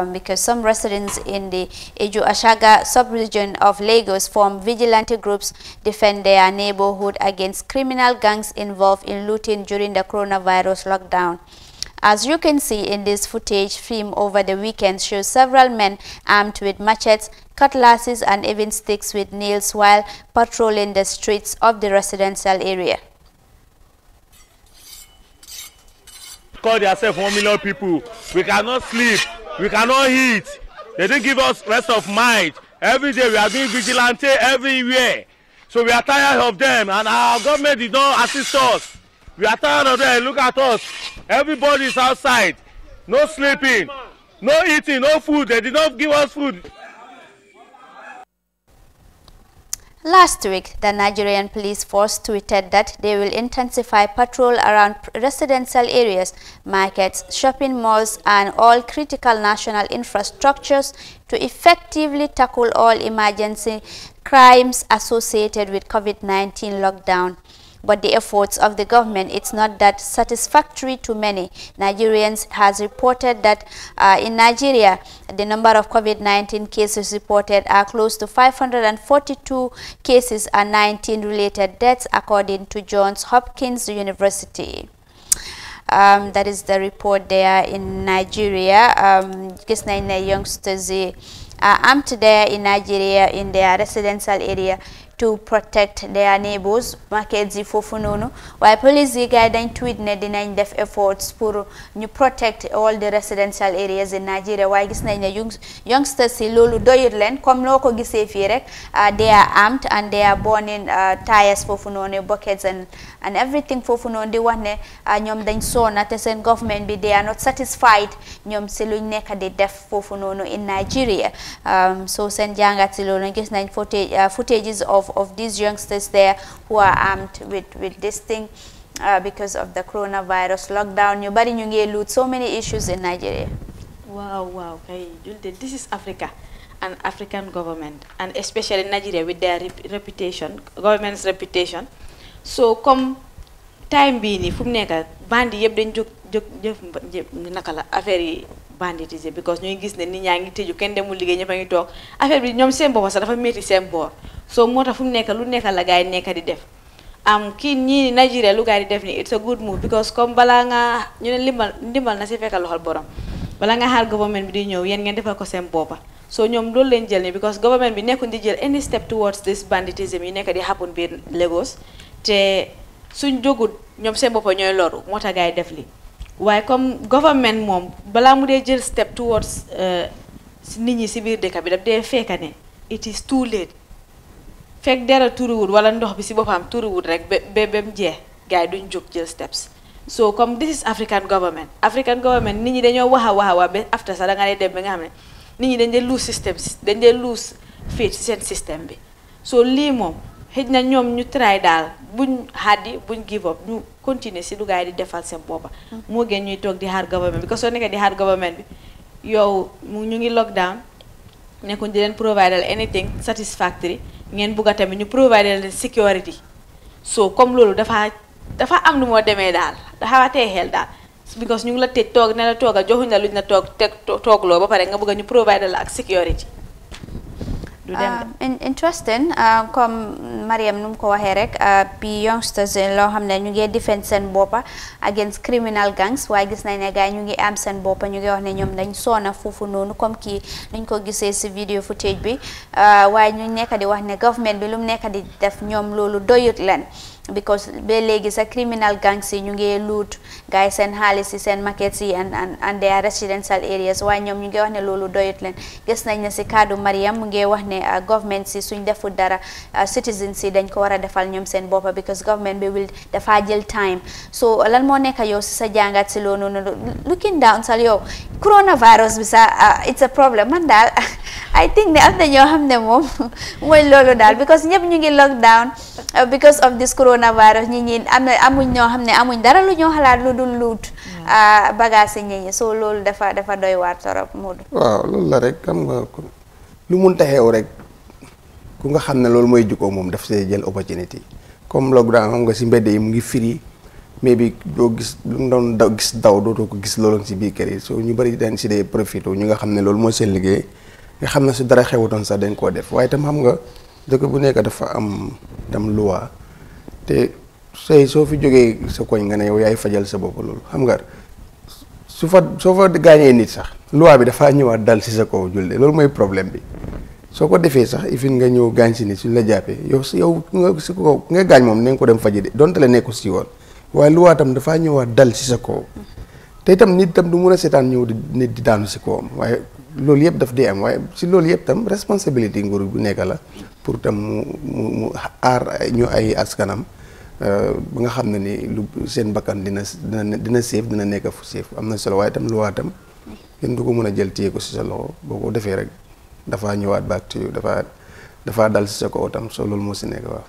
um, because some residents in the Eju Ashaga sub-region of Lagos form vigilante groups defend their neighborhood against criminal gangs involved in looting during the coronavirus lockdown. As you can see in this footage film over the weekend shows several men armed with machetes, cutlasses and even sticks with nails while patrolling the streets of the residential area. Call yourself one million people. We cannot sleep. we cannot eat they didn't give us rest of mind every day we are being vigilante everywhere so we are tired of them and our government did not assist us we are tired of them look at us everybody is outside no sleeping no eating no food they did not give us food Last week, the Nigerian police force tweeted that they will intensify patrol around residential areas, markets, shopping malls and all critical national infrastructures to effectively tackle all emergency crimes associated with COVID-19 lockdown. But the efforts of the government, it's not that satisfactory to many. Nigerians has reported that uh, in Nigeria, the number of COVID-19 cases reported are close to 542 cases and 19 related deaths according to Johns Hopkins University. Um, that is the report there in Nigeria. Um, gis nañ youngsters yi uh, am there in Nigeria in their residential area to protect their neighbors market yi foofu noonu waaye police yi gars yi dañ tweet ne dinañ def efforts pour ñu protect all the residential areas in Nigeria waaye gis ne youngsters yi loolu doyut leen comme noo ko gisee fii rek ah, they are armed and they are burning ah, tires foofu noonu buckets and and everything foofu di wax ne ah, ñoom dañ soona te seen government bi they are not satisfied ñoom si luñ nekk di def foofu noonu in Nigeria um, so seen jàngat si gis nañ footage of these youngsters there who are armed with, with this thing uh, because of the coronavirus lockdown. You bari nyunge loot so many issues in Nigeria. Wow, wow, okay. This is Africa and African government, and especially Nigeria with their rep reputation, government's reputation. So come time bii nii fu mu nekk bandi yëpp dañ jóg jóg jëf naka la affaire yi banditisé because ñuy gis ne nit ñaa ngi tëju kenn demul liggéey ñëpp a ngi toog affaire bi ñoom seen bopp sax seen boor so moo tax fu mu nekk lu nekk la gars yi nekk di def am kii ñii Nigeria lu gars yi di def ni it's a good move because comme balaa nga ñu ne ndimbal ndimbal na si fekk loxol borom balaa nga xaar government bi di ñëw yéen ngeen defal ko seen boppa so ñoom loolu leen jël ni because government bi nekkuñ di jël any step towards this banditism yi nekk di happen biir Lagos te suñ jógut ñoom seen boppa ñooy loru moo tax gars yi def li waaye comme government moom balaa mu dee jël step towards eh, nit ñi si biir dëkk bi daf dee fekka ne it is too late fekk dara turuwul wala ndox bi si boppam turuwul rek ba ba ba mu jeex gars yi duñ jóg jël comme this is African African government nit ñi dañoo wax a wax a wax ba after sax da nga ba nga xam ne nit ñi dañ dee lose système dañ dee lose faith si seen système bi so lii moom xëj na ñoom ñu try daal buñ xaddi buñ give up ñu continuer si yi di defal seen boppa moo gën ñuy toog di xaar government bi parce nekkee di xaar government bi yow ñu ngi lockdown nekkuñ di leen providal anything satisfactory ngeen bugg a tamit ñu provider leen security so comme loolu dafa dafa am lu moo demee daal dafa tee xel daal because ñu ngi la tëj toog ne la toog a joxuñ la ñu la toog teg toogloo ba pare nga bëgg a ñu provider la ak security du dem ah, ah, comme Mariam nu mu ko waxee rek ah, bi youngsters loo xam ne ñu ngi defend seen boppa against criminal gangs waaye gis nañ ne gars ñu ngi am seen boppa ñu ngi wax ne ñoom lañ soona foofu noonu comme kii nuñ ko gisee si vidéo footage bi waaye ñu nekk di wax ne government bi lu mu nekk di def ñoom loolu doyut leen because ba léegi sa criminal gangs yi ñu ngi loot gars yi seen xaalis yi seen markets yi and and their residential areas waaye ñoom ñu ngi wax ne loolu doyut leen gis nañ ne si kaddu Mariam mu ngi wax ne ah, government si suñ deful dara ah, citizens si dañ ko war a defal ñoom seen boppa because government bi will dafa jël time so lan moo nekk yow si sa jàngat si loolu noonu looking down sal yow coronavirus bi sa ah, it's a problem man daal I think ne am xam ne moom mooy loolu daal because ñëpp Uh, because of this coronavirus ñi ñi am amuñ ño xamne amuñ dara lu ñoo xalaat lu dul loot ah uh, bagage ñi ñi so lool dafa dafa doy waar torop Modou waaw lool la rek xam nga lu mun taxew rek ku nga xamne lool moy mooy mom daf sey jël opportunity comme lockdown xam nga ci mbédé yi mu ngi firi maybe do gis lu mu do gis daw dootoo ko gis lool ci bi kéré so ñu bari dañ ci dee profito ñu nga xamne lool mo mooy seen liggéey nga xamne su dara xewu xewutoon sa dañ ko def waye tam xam nga dëkk bu nekk dafa am tam loi te say soo fi jógee sa koñ nga ne yow yaay fajal sa bopp loolu xam nga su fa soo fa gaañee nit sax luwaa bi dafaa ñëwaat dal si sa kaw julde loolu mooy problème bi soo ko defee sax ifin nga ñëw gaañ si la jàppee yow si yow nga si ko nga gaañ moom na nga ko dem faji de donte la nekku si woon waaye loi tam dafaa ñëwaat dal si sa kaw te itam nit tam du mun a seetaan ñëw di nit di daanu si kawam waaye loolu yëpp daf di am waaye si loolu yëpp tam responsabilité nguur bu nekk la pour tam mu mu aar ñu ay askanam euh, ba nga xam ne ni lu seen bakkan dina dina dina séef dina nekk fu séef am na solo waaye tam luwaa tam kenn du ko mën a jël téye ko si sa loxo boo ko defee rek dafaa ñëwaat baak tuyu dafaa dafaa dal si sa kaw tam so loolu moo si nekk waaw